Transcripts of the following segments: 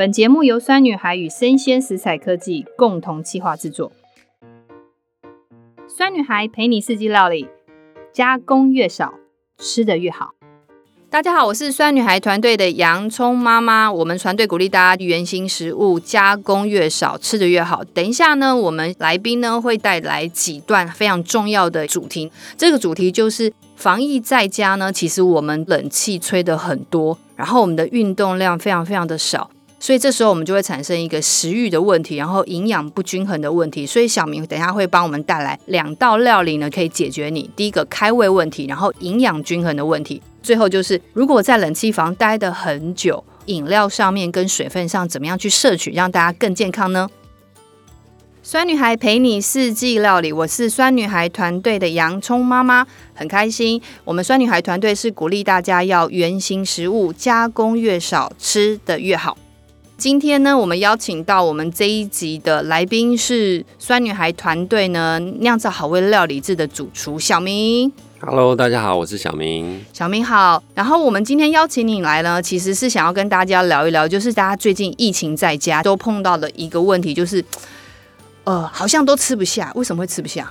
本節目由酸女孩與聲鮮時采科技共同企劃制作。酸女孩陪你四季料理，加工越少，吃得越好。大家好，我是酸女孩團隊的洋蔥媽媽。我們團隊鼓勵大家原型食物，加工越少，吃得越好。等一下呢，我們來賓呢會帶來幾段非常重要的主題。這個主題就是防疫在家呢，其實我們冷氣吹得很多，然後我們的運動量非常非常的少。所以這時候我們就會產生一個食欲的問題，然後營養不均衡的問題。所以小銘等一下會幫我們帶來兩道料理呢，可以解決你第一個開胃問題，然後營養均衡的問題。最後就是如果在冷氣房待得很久，飲料上面跟水分上怎麼樣去攝取，讓大家更健康呢？酸女孩陪你四季料理，我是酸女孩團隊的洋蔥媽媽，很開心。我們酸女孩團隊是鼓勵大家要原型食物，加工越少，吃得越好。今天呢，我們邀請到我們這一集的來賓是酸女孩團隊呢，釀造好味料理誌的主廚小銘。Hello，大家好，我是小銘。小銘好。然後我們今天邀請你來呢，其實是想要跟大家聊一聊，就是大家最近疫情在家都碰到的一個問題，就是呃，好像都吃不下，為什麼會吃不下？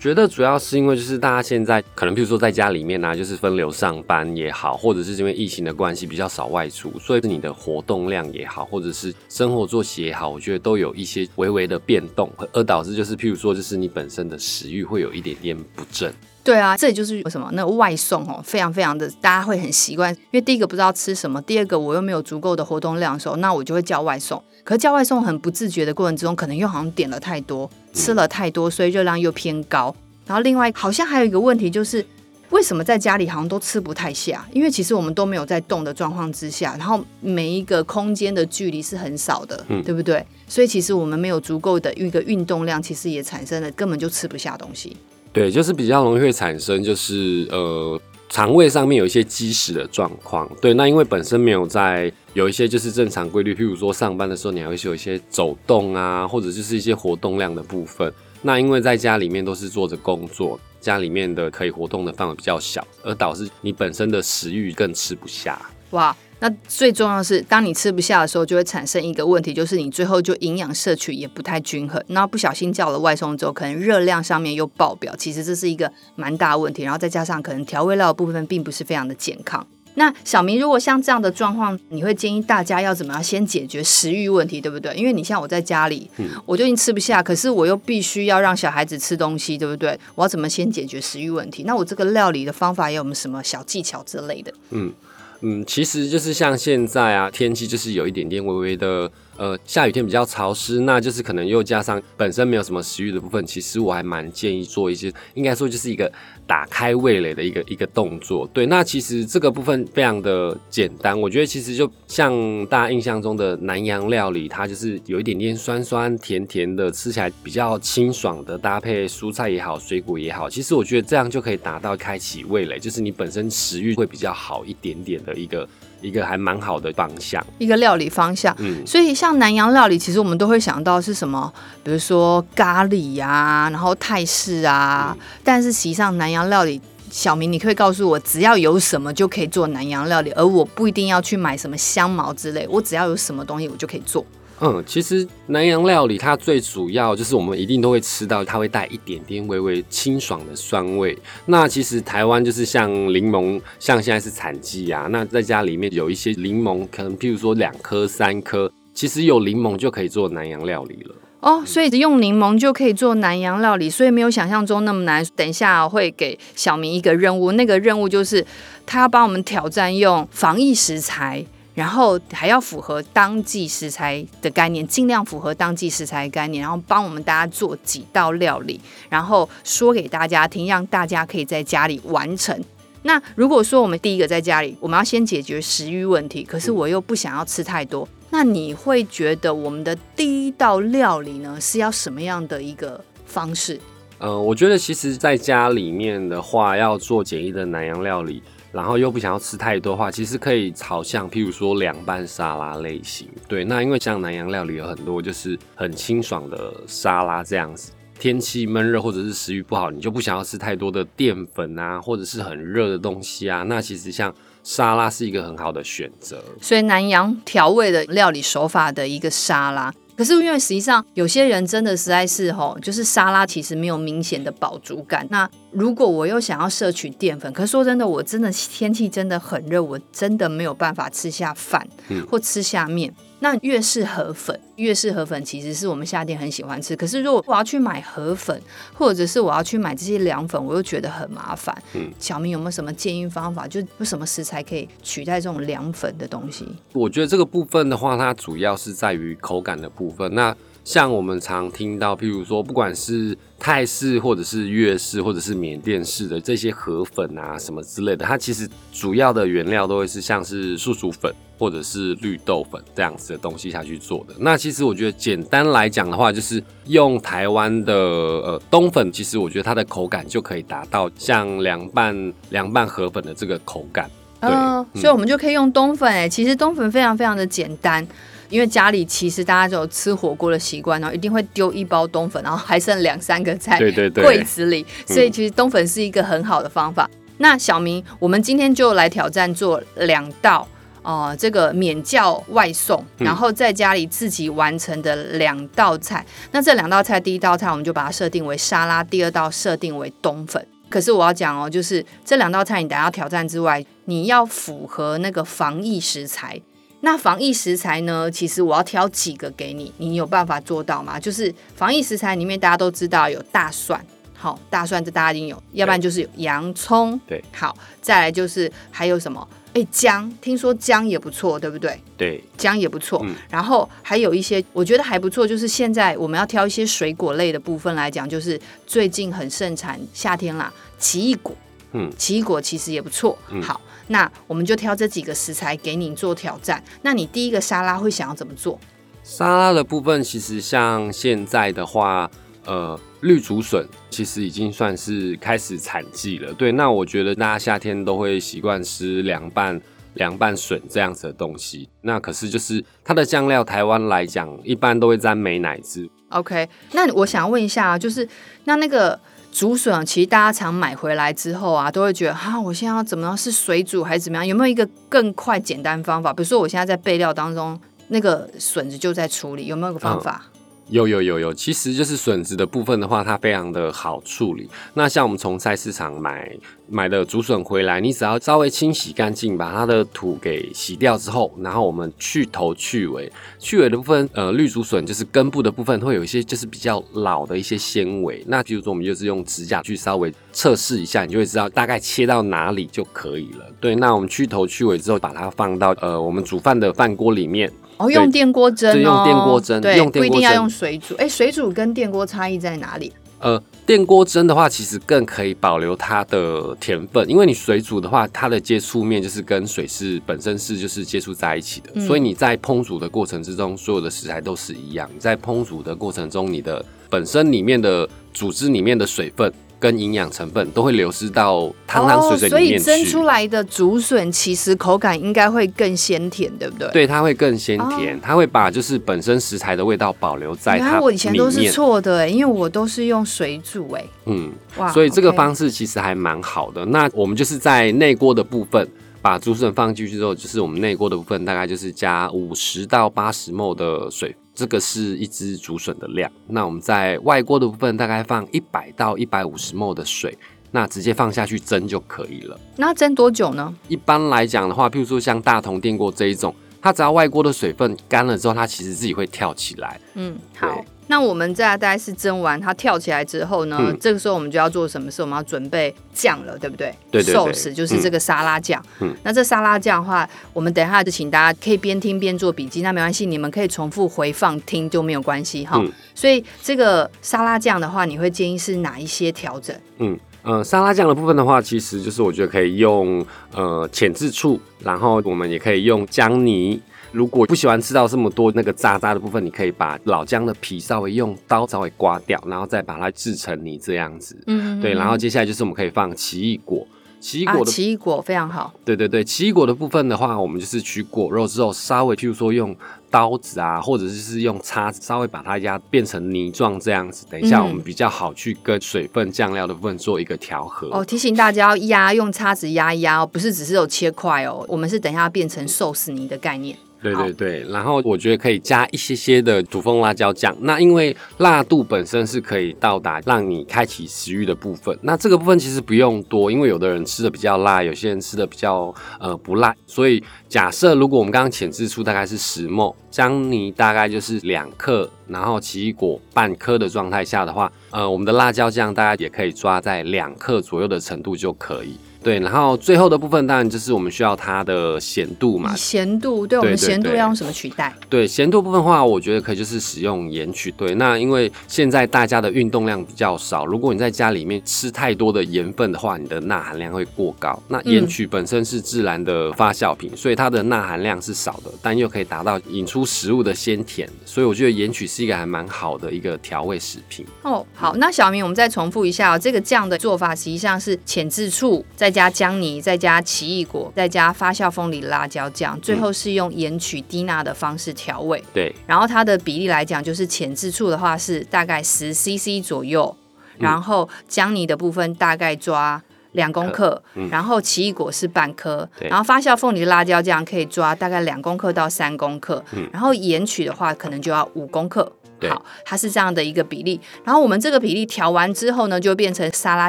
覺得主要是因為就是大家現在可能，譬如說在家裡面啊，就是分流上班也好，或者是因為疫情的關係比較少外出，所以你的活動量也好，或者是生活作息也好，我覺得都有一些微微的變動，而導致就是譬如說就是你本身的食慾會有一點點不振。對啊，這就是為什麼那個、外送哦，非常非常的大家會很習慣，因為第一個不知道吃什麼，第二個我又沒有足夠的活動量的時候，那我就會叫外送。可是叫外送很不自覺的過程之中，可能又好像點了太多，吃了太多，所以熱量又偏高。然後另外好像還有一個問題就是，為什麼在家裡好像都吃不太下？因為其實我們都沒有在動的狀況之下，然後每一個空間的距離是很少的，嗯、對不對？所以其實我們沒有足夠的一個運動量，其實也產生了根本就吃不下東西。對，就是比較容易會產生，就是呃，腸胃上面有一些積食的狀況。對，那因為本身沒有在有一些就是正常規律，譬如說上班的時候，你還會有一些走動啊，或者就是一些活動量的部分。那因為在家裡面都是坐著工作，家裡面的可以活動的範圍比較小，而導致你本身的食慾更吃不下。哇。那最重要的是，當你吃不下的時候，就會產生一個問題，就是你最後就營養攝取也不太均衡。然後不小心叫了外送之後，可能熱量上面又爆表，其實這是一個蠻大的問題。然後再加上可能調味料的部分並不是非常的健康。那小銘，如果像這樣的狀況，你會建議大家要怎麼樣先解決食欲問題，對不對？因為你像我在家裡，我最近吃不下，可是我又必須要讓小孩子吃東西，對不對？我要怎麼先解決食欲問題？那我這個料理的方法有沒有什麼小技巧之類的？嗯。嗯，其實就是像現在啊，天氣就是有一點點微微的。呃，下雨天比較潮濕，那就是可能又加上本身沒有什麼食欲的部分。其實我還蠻建議做一些，應該說就是一個打開味蕾的一個一個動作。對，那其實這個部分非常的簡單。我覺得其實就像大家印象中的南洋料理，它就是有一點點酸酸甜甜的，吃起來比較清爽的，搭配蔬菜也好，水果也好，其實我覺得這樣就可以達到開啟味蕾，就是你本身食欲會比較好一點點的一個。一個還蠻好的方向，一個料理方向。嗯，所以像南洋料理，其實我們都會想到是什麼？比如說咖喱呀、啊，然後泰式啊、嗯。但是實際上，南洋料理，小銘你可以告訴我，只要有什麼就可以做南洋料理，而我不一定要去買什麼香茅之類，我只要有什麼東西，我就可以做。嗯，其實南洋料理它最主要就是我們一定都會吃到，它會帶一點點微微清爽的酸味。那其實台灣就是像檸檬，像現在是產季啊，那在家裡面有一些檸檬，可能譬如說兩顆、三顆，其實有檸檬就可以做南洋料理了。哦，所以用檸檬就可以做南洋料理，所以沒有想象中那麼難。等一下會給小銘一個任務，那個任務就是他要幫我們挑戰用防疫食材。然後還要符合當季食材的概念，盡量符合當季食材的概念，然後幫我們大家做幾道料理，然後說給大家聽，讓大家可以在家裡完成。那如果說我們第一個在家裡，我們要先解決食慾問題，可是我又不想要吃太多，嗯、那你會覺得我們的第一道料理呢是要什麼樣的一個方式？呃、嗯，我覺得其實在家裡面的話，要做簡易的南洋料理。然後又不想要吃太多的話，其實可以朝向譬如說涼拌沙拉類型。對，那因為像南洋料理有很多就是很清爽的沙拉這樣子。天氣悶熱或者是食欲不好，你就不想要吃太多的澱粉啊，或者是很熱的東西啊。那其實像沙拉是一個很好的選擇。所以南洋調味的料理手法的一個沙拉。可是，因為實際上有些人真的實在是吼，就是沙拉其實沒有明顯的飽足感。那如果我又想要攝取澱粉，可是說真的，我真的天氣真的很熱，我真的沒有辦法吃下飯或吃下麵。嗯那越式河粉，越式河粉其實是我們夏天很喜歡吃。可是如果我要去買河粉，或者是我要去買這些涼粉，我又覺得很麻煩。嗯，小銘有沒有什麼建議方法？就有什麼食材可以取代這種涼粉的東西？我覺得這個部分的話，它主要是在於口感的部分。那像我們常聽到，譬如說，不管是泰式或者是越式或者是緬甸式的這些河粉啊什麼之類的，它其實主要的原料都會是像是樹薯粉。或者是綠豆粉這樣子的東西下去做的。那其實我覺得簡單來講的話，就是用台灣的呃冬粉，其實我覺得它的口感就可以達到像涼拌涼拌河粉的這個口感。嗯、呃，所以我們就可以用冬粉。哎、嗯，其實冬粉非常非常的簡單，因為家裡其實大家都有吃火鍋的習慣，然後一定會丟一包冬粉，然後還剩兩三個菜，對對對，櫃子裡。所以其實冬粉是一個很好的方法。嗯、那小銘，我們今天就來挑戰做兩道。哦、呃，這個免叫外送，然後在家裡自己完成的兩道菜。嗯、那這兩道菜，第一道菜我們就把它設定為沙拉，第二道設定為冬粉。可是我要講哦、喔，就是這兩道菜，你等下要挑戰之外，你要符合那個防疫食材。那防疫食材呢？其實我要挑幾個給你，你有辦法做到嗎？就是防疫食材裡面，大家都知道有大蒜，好、喔，大蒜這大家已經有，要不然就是有洋蔥，對，好，再來就是還有什麼？哎、欸，薑聽說薑也不錯，對不對？對，薑也不錯、嗯。然後還有一些我覺得還不錯，就是現在我們要挑一些水果類的部分來講，就是最近很盛產夏天啦、啊、奇異果，嗯，奇異果其實也不錯、嗯。好，那我們就挑這幾個食材給你做挑戰、嗯。那你第一個沙拉會想要怎麼做？沙拉的部分其實像現在的話。呃，綠竹筍其實已經算是開始產季了。對，那我覺得大家夏天都會習慣吃涼拌，涼拌筍這樣子的東西。那可是就是它的醬料，台灣來講一般都會沾美乃滋。OK，那我想問一下，就是那那個竹筍，其實大家常買回來之後啊，都會覺得哈，啊，我現在要怎麼樣，是水煮還是怎麼樣？有沒有一個更快簡單方法？比如說我現在在備料當中，那個筍子就在處理，有沒有個方法？嗯有有有有，其實就是筍子的部分的話，它非常的好處理。那像我們從菜市場買買的竹筍回來，你只要稍微清洗乾淨，把它的土給洗掉之後，然後我們去頭去尾。去尾的部分，呃，綠竹筍就是根部的部分會有一些就是比較老的一些纖維。那比如說我們就是用指甲去稍微測試一下，你就會知道大概切到哪裡就可以了。對，那我們去頭去尾之後，把它放到，呃，我們煮飯的飯鍋裡面。哦，用電鍋蒸，用電鍋蒸，用電鍋對，不一定要用水煮。哎、欸，水煮跟電鍋差異在哪裡？呃，電鍋蒸的話，其實更可以保留它的甜分，因為你水煮的話，它的接觸面就是跟水是本身是就是接觸在一起的、嗯，所以你在烹煮的過程之中，所有的食材都是一樣。你在烹煮的過程中，你的本身裡面的組織裡面的水分。跟營養成分都會流失到湯湯水水裡面去、哦，所以蒸出來的竹筍其實口感應該會更鮮甜，對不對？對，它會更鮮甜、哦，它會把就是本身食材的味道保留在它裡面。我以前都是錯的、欸，因為我都是用水煮、欸，哎，嗯，哇，所以這個方式其實還蠻好的、okay。那我們就是在內鍋的部分，把竹筍放進去之後，就是我們內鍋的部分大概就是加五十到八十 ml 的水。這個是一支竹筍的量，那我們在外鍋的部分大概放一百到一百五十 ml 的水，那直接放下去蒸就可以了。那蒸多久呢？一般來講的話，譬如說像大同電鍋這一種，它只要外鍋的水分乾了之後，它其實自己會跳起來。嗯，好。那我們再大概是蒸完，它跳起來之後呢、嗯，這個時候我們就要做什麼事？我們要準備醬了，對不對？對，壽司就是這個沙拉醬、嗯。那這沙拉醬的話，我們等一下就請大家可以邊聽邊做筆記，那沒關係，你們可以重複回放聽就沒有關係哈、嗯。所以這個沙拉醬的話，你會建議是哪一些調整？嗯呃，沙拉醬的部分的話，其實就是我覺得可以用呃淺漬醋，然後我們也可以用薑泥。如果不喜歡吃到這麼多那個渣渣的部分，你可以把老薑的皮稍微用刀稍微刮掉，然後再把它製成泥這樣子。嗯，嗯，對。然後接下來就是我們可以放奇異果，奇異果的、啊、奇異果非常好。對對對，奇異果的部分的話，我們就是取果肉之後，稍微譬如說用刀子啊，或者是用叉子稍微把它壓，變成泥狀這樣子。等一下我們比較好去跟水分醬料的部分做一個調和、嗯。哦，提醒大家要壓，用叉子壓一壓，哦，不是只是有切塊哦，我們是等一下要變成壽司泥的概念。嗯對對對，然後我覺得可以加一些些的土蜂辣椒醬。那因為辣度本身是可以到達讓你開啟食慾的部分。那這個部分其實不用多，因為有的人吃的比較辣，有些人吃的比較呃不辣。所以假設如果我們剛剛淺試出大概是十克薑泥，大概就是兩克，然後奇異果半顆的狀態下的話，呃，我們的辣椒醬大概也可以抓在兩克左右的程度就可以。對，然後最後的部分當然就是我們需要它的鹹度嘛。鹹度，對，對，對我們鹹度要用什麼取代？對，對鹹度部分的話，我覺得可以就是使用鹽曲。對，那因為現在大家的運動量比較少，如果你在家裡面吃太多的鹽分的話，你的鈉含量會過高。那鹽曲本身是自然的發酵品、嗯，所以它的鈉含量是少的，但又可以達到引出食物的鮮甜，所以我覺得鹽曲是一個還蠻好的一個調味食品。哦，好，嗯、那小銘，我們再重複一下這個醬的做法，實際上是淺置醋在。再加薑泥，再加奇異果，再加發酵鳳梨辣椒醬，最後是用鹽麴低鈉的方式調味、嗯。對，然後它的比例來講，就是淺漬醋的話是大概十 CC 左右，然後薑泥的部分大概抓兩公克、嗯，然後奇異果是半顆，嗯，然後奇異果是半顆，然後發酵鳳梨辣椒醬可以抓大概兩公克到三公克、嗯，然後鹽麴的話可能就要五公克。好，它是這樣的一個比例。然後我們這個比例調完之後呢，就會變成沙拉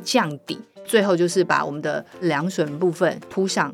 醬底。最後就是把我們的涼筍部分鋪上，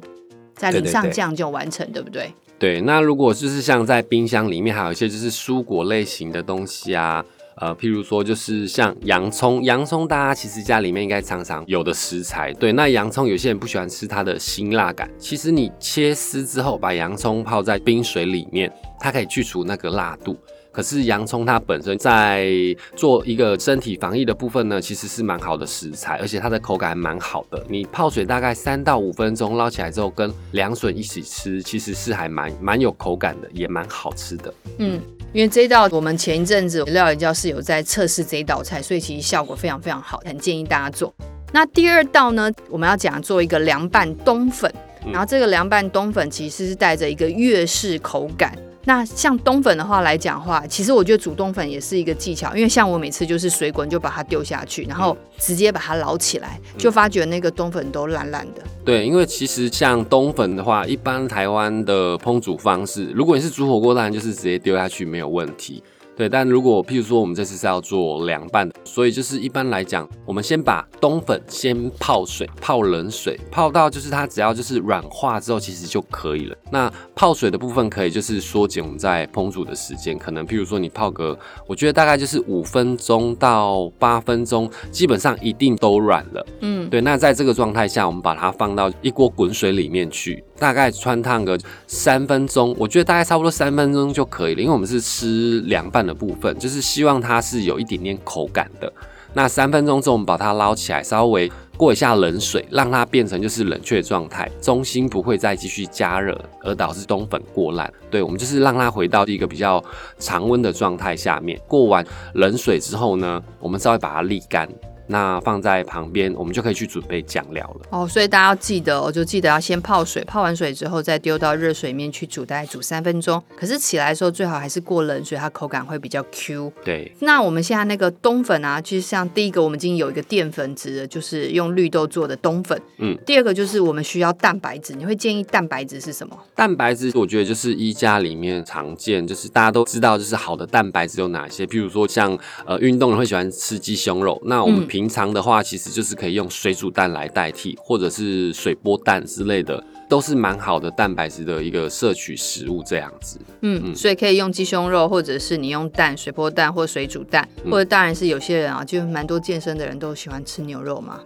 再淋上醬就完成對對對，對不對？對，那如果就是像在冰箱裡面還有一些就是蔬果類型的東西啊，呃，譬如說就是像洋蔥，洋蔥大家其實家裡面應該常常有的食材。對，那洋蔥有些人不喜歡吃它的辛辣感，其實你切絲之後把洋蔥泡在冰水裡面，它可以去除那個辣度。可是洋蔥它本身在做一個身體防疫的部分呢，其實是蠻好的食材，而且它的口感還蠻好的。你泡水大概三到五分鐘，撈起來之後跟涼筍一起吃，其實是還蠻蠻有口感的，也蠻好吃的。嗯，因為這道我們前一陣子料理教室有在測試這一道菜，所以其實效果非常非常好，很建議大家做。那第二道呢，我們要講做一個涼拌冬粉，然後這個涼拌冬粉其實是帶着一個越式口感。那像冬粉的話來講的話，其實我覺得煮冬粉也是一個技巧，因為像我每次就是水滾就把它丟下去，然後直接把它撈起來，就發覺那個冬粉都爛爛的。對，因為其實像冬粉的話，一般台灣的烹煮方式，如果你是煮火鍋，當然就是直接丟下去，沒有問題。對，但如果譬如說我們這次是要做涼拌的，所以就是一般來講，我們先把冬粉先泡水，泡冷水，泡到就是它只要就是軟化之後，其實就可以了。那泡水的部分可以就是縮減我們在烹煮的時間，可能譬如說你泡個，我覺得大概就是五分鐘到八分鐘，基本上一定都軟了。嗯，對。那在這個狀態下，我們把它放到一鍋滾水裡面去。大概汆燙個三分鐘，我覺得大概差不多三分鐘就可以了，因為我們是吃涼拌的部分，就是希望它是有一點點口感的。那三分鐘之後，我們把它撈起來，稍微過一下冷水，讓它變成就是冷卻狀態，中心不會再繼續加熱，而導致冬粉過爛。對，我們就是讓它回到一個比較常溫的狀態下面。過完冷水之後呢，我們稍微把它瀝乾。那放在旁邊，我們就可以去準備醬料了。哦，所以大家要記得哦，我就記得要先泡水，泡完水之後再丟到熱水裡面去煮，大概煮三分鐘。可是起來的時候最好還是過冷水，它口感會比較 Q。對。那我們現在那個冬粉啊，就像第一個，我們今天有一個澱粉質的，就是用綠豆做的冬粉。嗯。第二個就是我們需要蛋白質，你會建議蛋白質是什麼？蛋白質我覺得就是一家裡面常見，就是大家都知道，就是好的蛋白質有哪些？譬如說像呃，運動人會喜歡吃雞胸肉，那我們平平常的話，其實就是可以用水煮蛋來代替，或者是水波蛋之類的，都是蠻好的蛋白質的一個攝取食物這樣子。嗯，嗯，所以可以用雞胸肉，或者是你用蛋、水波蛋或水煮蛋，或者當然是有些人啊，嗯、就蠻多健身的人都喜歡吃牛肉嘛。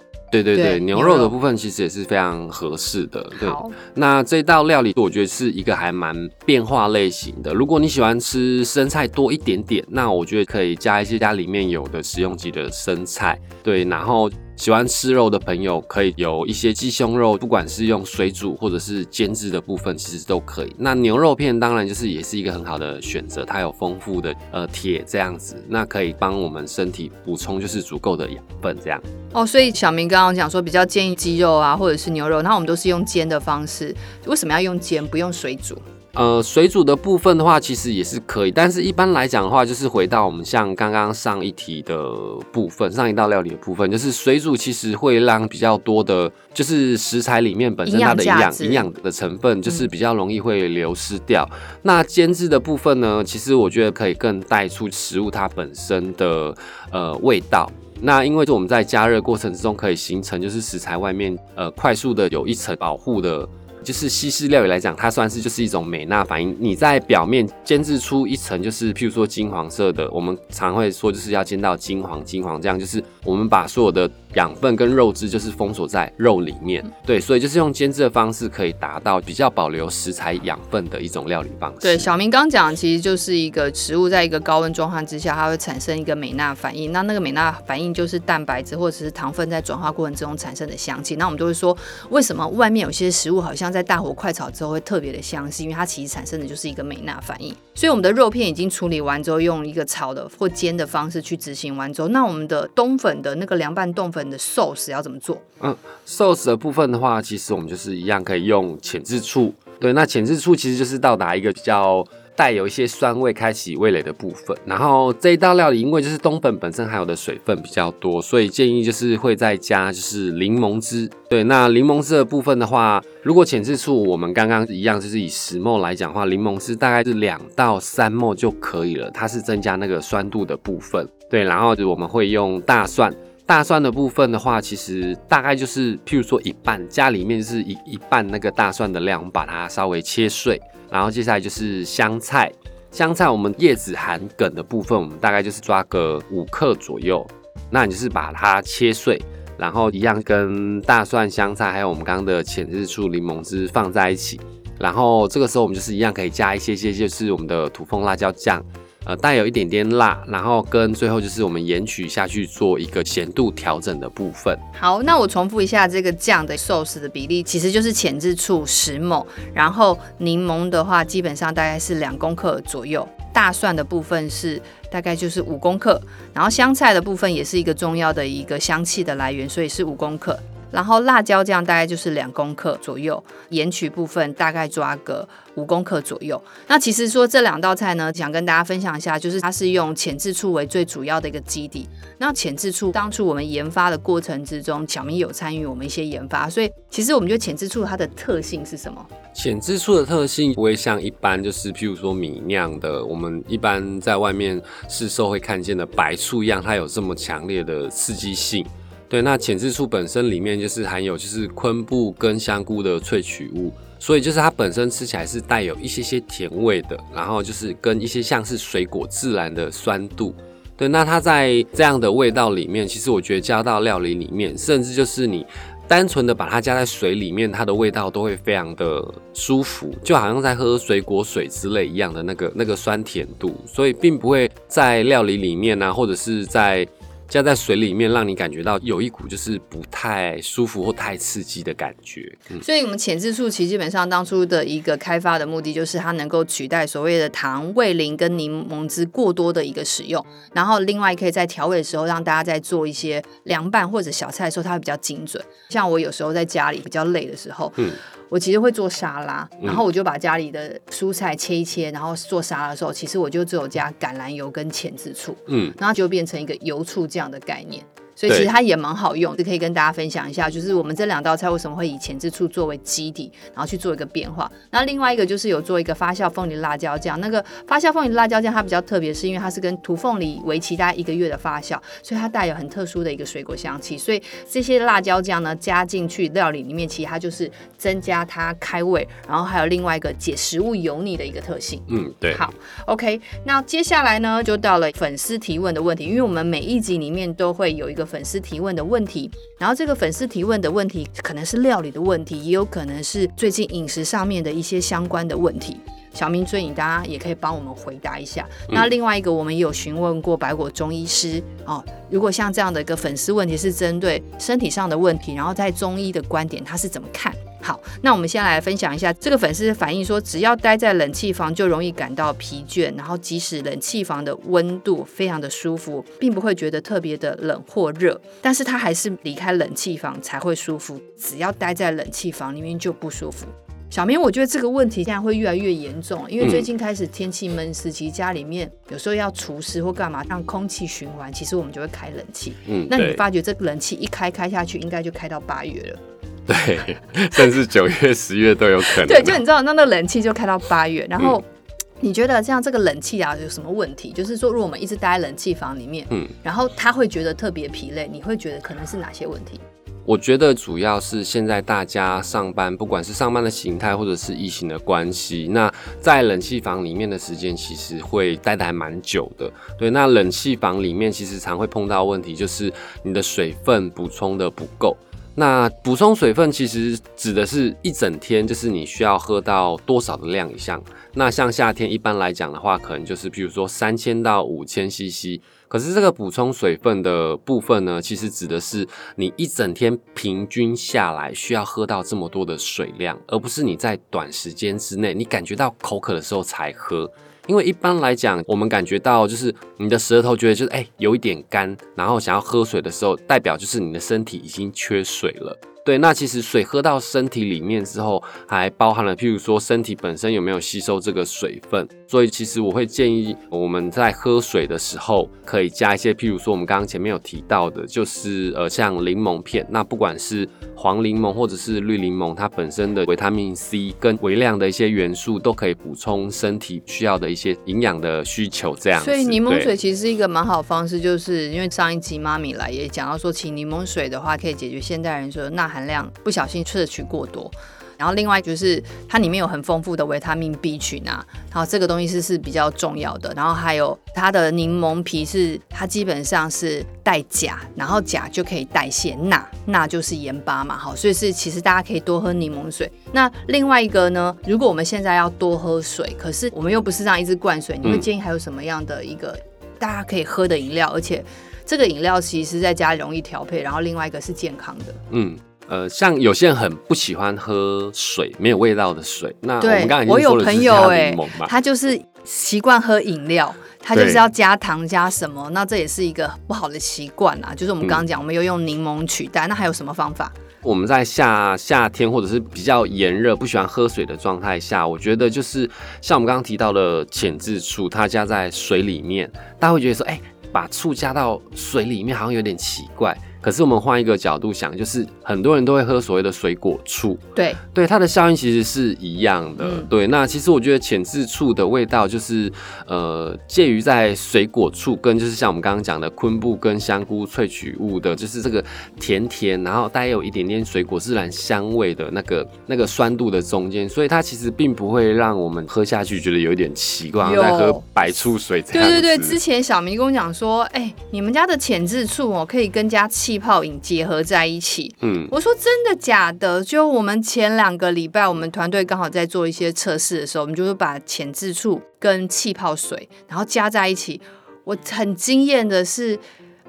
對對對，對牛，牛肉的部分其實也是非常合適的。對，那這道料理我覺得是一個還蠻變化類型的。如果你喜歡吃生菜多一點點，那我覺得可以加一些家裡面有的食用級的生菜。對，然後。喜歡吃肉的朋友可以有一些雞胸肉，不管是用水煮或者是煎製的部分，其實都可以。那牛肉片當然就是也是一個很好的選擇，它有豐富的呃鐵這樣子，那可以幫我們身體補充就是足夠的養分這樣。哦，所以小銘剛剛講說比較建議雞肉啊或者是牛肉，那我們都是用煎的方式，為什麼要用煎不用水煮？呃，水煮的部分的話，其實也是可以，但是一般來講的話，就是回到我們像剛剛上一題的部分，上一道料理的部分，就是水煮其實會讓比較多的，就是食材裡面本身它的營養、營養的成分，就是比較容易會流失掉。嗯。那煎制的部分呢，其實我覺得可以更帶出食物它本身的呃味道。那因為就我們在加熱過程之中，可以形成就是食材外面呃快速的有一層保護的。就是西式料理來講，它算是就是一種梅納反應。你在表面煎制出一層，就是譬如說金黃色的，我們常會說就是要煎到金黃金黃這樣，就是我們把所有的。養分跟肉汁就是封鎖在肉裡面，對，所以就是用煎製的方式可以達到比較保留食材養分的一種料理方式。對，小銘剛講，其實就是一個食物在一個高溫狀況之下，它會產生一個梅納反應。那那個梅納反應就是蛋白質或者是糖分在轉化過程之中產生的香氣。那我們都會說，為什麼外面有些食物好像在大火快炒之後會特別的香氣？是因為它其實產生的就是一個梅納反應。所以我們的肉片已經處理完之後，用一個炒的或煎的方式去執行完之後，那我們的冬粉的那個涼拌冬粉，你的 sauce 要怎麼做？嗯，sauce 的部分的話，其實我們就是一樣可以用淺漬醋。對，那淺漬醋其實就是到達一個比較帶有一些酸味，開啟味蕾的部分。然後這一道料理，因為就是冬粉本身含有的水分比較多，所以建議就是會再加就是檸檬汁。對，那檸檬汁的部分的話，如果淺漬醋我們剛剛一樣就是以十毫升來講的話，檸檬汁大概是兩到三毫升就可以了。它是增加那個酸度的部分。對，然後就我們會用大蒜。大蒜的部分的話，其實大概就是譬如說一半，家裡面就是一一半那個大蒜的量，我們把它稍微切碎，然後接下來就是香菜，香菜我們葉子含梗的部分，我們大概就是抓個五克左右，那你就是把它切碎，然後一樣跟大蒜，香菜，還有我們剛剛的前日出檸檬汁放在一起，然後這個時候我們就是一樣可以加一些些，就是我們的土鳳辣椒醬。呃，帶有一點點辣，然後跟最後就是我們鹽麴下去做一個鹹度調整的部分。好，那我重複一下這個醬的壽司的比例，其實就是淺漬醋十某，然後檸檬的話基本上大概是兩公克左右，大蒜的部分是大概就是五公克，然後香菜的部分也是一個重要的一個香氣的來源，所以是五公克。然後辣椒醬大概就是兩公克左右，鹽麴部分大概抓個五公克左右。那其實說這兩道菜呢，想跟大家分享一下，就是它是用淺漬醋為最主要的一個基底。那淺漬醋當初我們研發的過程之中，小銘有參與我們一些研發，所以其實我們覺得淺漬醋它的特性是什麼？淺漬醋的特性不會像一般就是譬如說米釀的，我們一般在外面市售會看見的白醋一樣，它有這麼強烈的刺激性。對，那淺漬醋本身裡面就是含有就是昆布跟香菇的萃取物，所以就是它本身吃起來是帶有一些些甜味的，然後就是跟一些像是水果自然的酸度。對，那它在這樣的味道裡面，其實我覺得加到料理裡面，甚至就是你單純的把它加在水裡面，它的味道都會非常的舒服，就好像在喝水果水之類一樣的那個那個酸甜度，所以並不會在料理裡面啊，或者是在。加在水裡面，讓你感覺到有一股就是不太舒服或太刺激的感覺。嗯，所以，我們淺漬醋其實基本上當初的一個開發的目的，就是它能夠取代所謂的糖、味淋跟檸檬汁過多的一個使用。然後，另外可以在調味的時候，讓大家在做一些涼拌或者小菜的時候，它會比較精準。像我有時候在家裡比較累的時候，嗯。我其實會做沙拉，然後我就把家裡的蔬菜切一切，然後做沙拉的時候，其實我就只有加橄欖油跟淺汁醋，嗯，然後就變成一個油醋醬的概念。所以其實它也蠻好用，就可以跟大家分享一下，就是我們這兩道菜為什麼會以前置處作為基底，然後去做一個變化。那另外一個就是有做一個發酵鳳梨辣椒醬，那個發酵鳳梨辣椒醬它比較特別，是因為它是跟土鳳梨為期大概一個月的發酵，所以它帶有很特殊的一個水果香氣。所以這些辣椒醬呢，加進去料理裡面，其實它就是增加它開胃，然後還有另外一個解食物油膩的一個特性。嗯，對。好，OK，那接下來呢，就到了粉絲提問的問題，因為我們每一集裡面都會有一個，粉絲提問的問題，然後這個粉絲提問的問題可能是料理的問題，也有可能是最近飲食上面的一些相關的問題。小銘尊，你大家也可以幫我們回答一下。嗯、那另外一個，我們也有詢問過白果中醫師哦，如果像這樣的一個粉絲問題是針對身體上的問題，然後在中醫的觀點，他是怎麼看？好，那我們先來分享一下，這個粉絲反映說只要待在冷氣房就容易感到疲倦，然後即使冷氣房的溫度非常的舒服，並不會覺得特別的冷或熱，但是他還是離開冷氣房才會舒服，只要待在冷氣房裡面就不舒服。小銘，我覺得這個問題現在會越來越嚴重，因為最近開始天氣悶濕，其實家裡面有時候要除濕或幹嘛，讓空氣循環，其實我們就會開冷氣。嗯，那你發覺這個冷氣一開開下去，應該就開到八月了。 對，甚至九月、十月都有可能啊。 對，就你知道，那那個冷氣就開到八月。然後、嗯，你覺得像這個冷氣啊，有什麼問題？就是說，如果我們一直待在冷氣房裡面，嗯，然後他會覺得特別疲累。你會覺得可能是哪些問題？我覺得主要是現在大家上班，不管是上班的形態，或者是疫情的關係，那在冷氣房裡面的時間其實會待的還蠻久的。對，那冷氣房裡面其實常會碰到問題，就是你的水分補充的不夠。那補充水分其實指的是一整天，就是你需要喝到多少的量以上。那像夏天一般來講的話，可能就是譬如說三千到五千 CC。可是這個補充水分的部分呢，其實指的是你一整天平均下來需要喝到這麼多的水量，而不是你在短時間之內你感覺到口渴的時候才喝。因為一般來講，我們感覺到就是你的舌頭覺得就是哎、欸、有一點乾，然後想要喝水的時候，代表就是你的身體已經缺水了。對，那其實水喝到身體裡面之後，還包含了譬如說身體本身有沒有吸收這個水分，所以其實我會建議我們在喝水的時候，可以加一些譬如說我們剛剛前面有提到的，就是呃像檸檬片，那不管是黃檸檬或者是綠檸檬，它本身的維他命 C 跟微量的一些元素都可以補充身體需要的一些營養的需求。這樣子，所以檸檬水其實是一個蠻好的方式，就是因為上一集媽咪來也講到說，喝檸檬水的話可以解決現代人說那。含量不小心攝取過多，然後另外就是它裡面有很豐富的維他命 B 群啊，然後這個東西是是比較重要的。然後還有它的檸檬皮是它基本上是帶鉀，然後鉀就可以代謝鈉，鈉就是鹽巴嘛。好，所以是其實大家可以多喝檸檬水。那另外一個呢，如果我們現在要多喝水，可是我們又不是這樣一直灌水，你會建議還有什麼樣的一個大家可以喝的飲料？嗯。而且這個飲料其實在家容易調配，然後另外一個是健康的。嗯。呃，像有些人很不喜歡喝水，沒有味道的水。那我有朋友、欸、他就是習慣喝飲料，他就是要加糖加什麼。那這也是一個不好的習慣啊。就是我們剛剛講，我們又用檸檬取代。那還有什麼方法？我們在夏夏天或者是比較炎熱，不喜歡喝水的狀態下，我覺得就是像我們剛剛提到的，淺漬醋，它加在水裡面，大家會覺得說，哎、欸，把醋加到水裡面好像有點奇怪。可是我們換一個角度想，就是很多人都會喝所謂的水果醋，對，對，它的效應其實是一樣的。嗯、對，那其實我覺得淺漬醋的味道就是，呃，介於在水果醋跟就是像我們剛剛講的昆布跟香菇萃取物的，就是這個甜甜，然後帶有一點點水果自然香味的那個那個酸度的中間，所以它其實並不會讓我們喝下去覺得有一點奇怪，在喝白醋水。對對對，之前小銘講說，哎、欸，你們家的淺漬醋哦，可以更加氣氣泡飲結合在一起。嗯，我說真的假的？就我們前兩個禮拜，我們團隊剛好在做一些測試的時候，我們就是把前置醋跟氣泡水，然後加在一起。我很驚艷的是，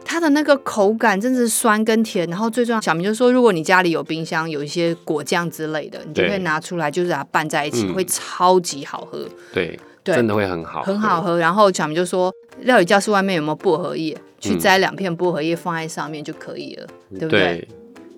它的那個口感真的是酸跟甜。然後最重要，小銘就說，如果你家裡有冰箱，有一些果醬之類的，你就可以拿出來，就是把它拌在一起，嗯，會超級好喝。對，對真的會很好，很好喝。然後小銘就說，料理教室外面有沒有薄荷葉？去摘兩片薄荷葉放在上面就可以了，嗯，對不對？對，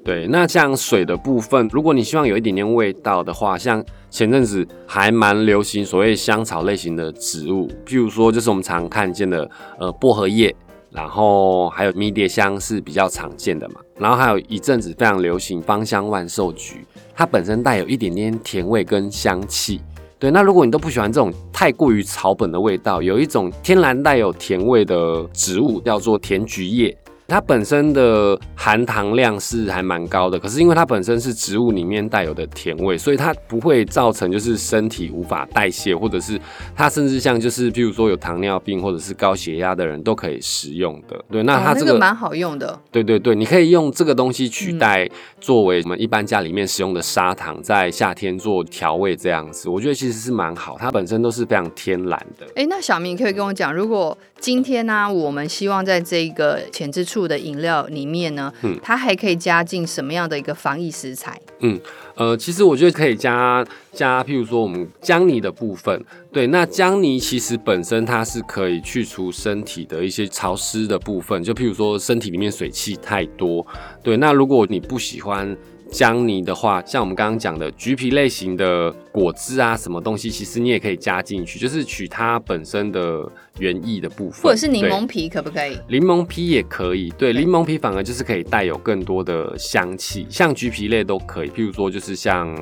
對，那像水的部分，如果你希望有一點點味道的話，像前陣子還蠻流行所謂香草類型的植物，譬如說就是我們常看見的呃薄荷葉，然後還有迷迭香是比較常見的嘛，然後還有一陣子非常流行芳香萬壽菊，它本身帶有一點點甜味跟香氣。對，那如果你都不喜歡這種太過於草本的味道，有一種天然帶有甜味的植物，叫做甜菊葉。它本身的含糖量是還蠻高的，可是因為它本身是植物裡面帶有的甜味，所以它不會造成就是身體無法代謝，或者是它甚至像就是譬如說有糖尿病或者是高血壓的人都可以食用的。對，那它這個蠻、哦那個、好用的。對對對，你可以用這個東西取代作為我們一般家裡面使用的砂糖，在夏天做調味這樣子，我覺得其實是蠻好。它本身都是非常天然的。哎、欸，那小銘可以跟我講、嗯，如果今天呢、啊，我們希望在這一個前置處的飲料裡面呢，嗯，它還可以加進什麼樣的一個防疫食材？嗯，呃，其實我覺得可以加加，譬如說我們薑泥的部分。對，那薑泥其實本身它是可以去除身體的一些潮濕的部分，就譬如說身體裡面水汽太多。對，那如果你不喜歡。薑泥的話，像我們剛剛講的橘皮類型的果汁啊，什麼東西，其實你也可以加進去，就是取它本身的原液的部分。或者是檸檬皮，可不可以？檸檬皮也可以，對，對，檸檬皮反而就是可以帶有更多的香氣，像橘皮類都可以，譬如說就是像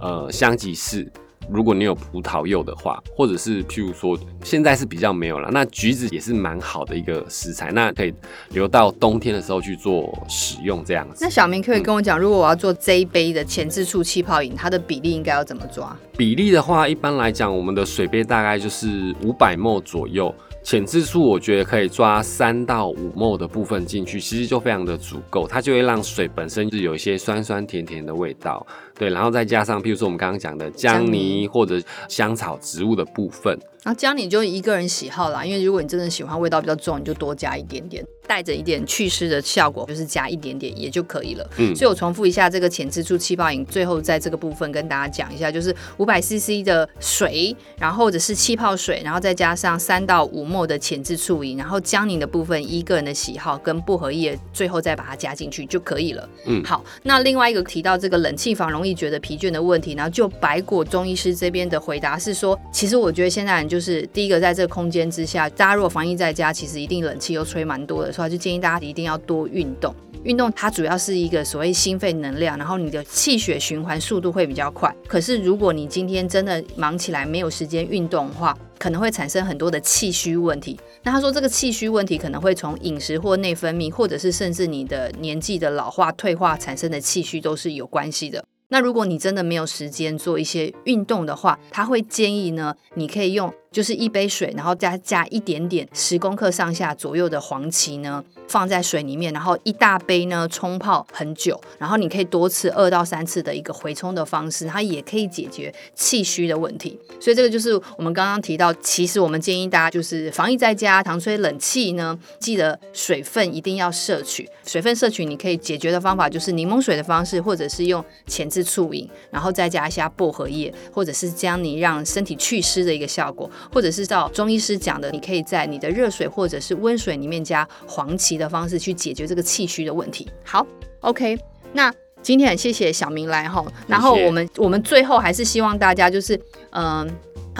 呃香吉士。如果你有葡萄柚的話，或者是譬如說現在是比較沒有了，那橘子也是蠻好的一個食材，那可以留到冬天的時候去做使用這樣子。那小銘可以跟我講，嗯，如果我要做這一杯的前置處氣泡飲，它的比例應該要怎麼抓？比例的話，一般來講，我們的水杯大概就是五百 ml 左右。淺汁醋我覺得可以抓三到五沫的部分進去，其實就非常的足夠，它就會讓水本身是有一些酸酸甜甜的味道，對，然後再加上譬如說我們剛剛講的薑泥或者香草植物的部分。然後薑泥就一個人喜好啦，因為如果你真的喜歡味道比較重，你就多加一點點，帶着一點祛濕的效果，就是加一點點也就可以了。嗯，所以我重複一下這個前質素氣泡飲，最後在這個部分跟大家講一下，就是五百 CC 的水，然後或者是氣泡水，然後再加上三到五末的前質素飲，然後薑泥的部分一個人的喜好跟薄荷葉，最後再把它加進去就可以了。嗯，好，那另外一個提到這個冷氣房容易覺得疲倦的問題，然後就白果中醫師這邊的回答是說，其實我覺得現在就。就是第一個，在這個空間之下，大家如果防疫在家，其實一定冷氣又吹蠻多的，所以就建議大家一定要多運動。運動它主要是一個所謂心肺能量，然後你的氣血循環速度會比較快。可是如果你今天真的忙起來沒有時間運動的話，可能會產生很多的氣虛問題。那他說這個氣虛問題可能會從飲食或內分泌，或者是甚至你的年紀的老化、退化產生的氣虛都是有關係的。那如果你真的沒有時間做一些運動的話，他會建議呢，你可以用。就是一杯水，然後加加一點點十公克上下左右的黃芪呢，放在水裡面，然後一大杯呢沖泡很久，然後你可以多次二到三次的一個回沖的方式，它也可以解決氣虛的問題。所以這個就是我們剛剛提到，其實我們建議大家就是防疫在家，常吹冷氣呢，記得水分一定要攝取，水分攝取你可以解決的方法就是檸檬水的方式，或者是用前置促飲，然後再加一下薄荷葉，或者是將你讓身體祛濕的一個效果。或者是照中醫師講的，你可以在你的熱水或者是溫水裡面加黃芪的方式去解決這個氣虛的問題，好。好，OK。那今天很謝謝小銘來哈。然後我們我們最後還是希望大家就是，嗯、呃、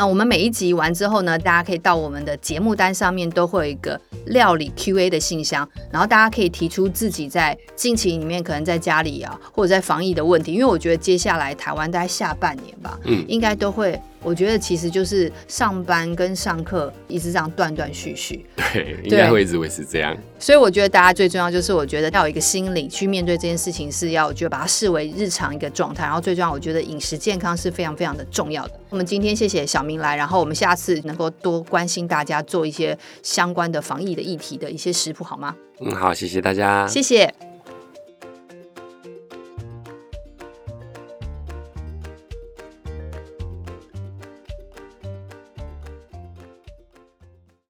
啊，我們每一集完之後呢，大家可以到我們的節目單上面都會有一個料理 QA 的信箱，然後大家可以提出自己在近期裡面可能在家裡啊或者在防疫的問題，因為我覺得接下來台灣大概下半年吧，嗯，應該都會。我覺得其實就是上班跟上課一直這樣斷斷續續，對，對應該會一直會是這樣。所以我覺得大家最重要就是，我覺得要有一個心理去面對這件事情，是要我覺得把它視為日常一個狀態。然後最重要，我覺得飲食健康是非常非常的重要的。我們今天謝謝小銘來，然後我們下次能夠多關心大家做一些相關的防疫的議題的一些食譜，好嗎？嗯，好，謝謝大家，謝謝。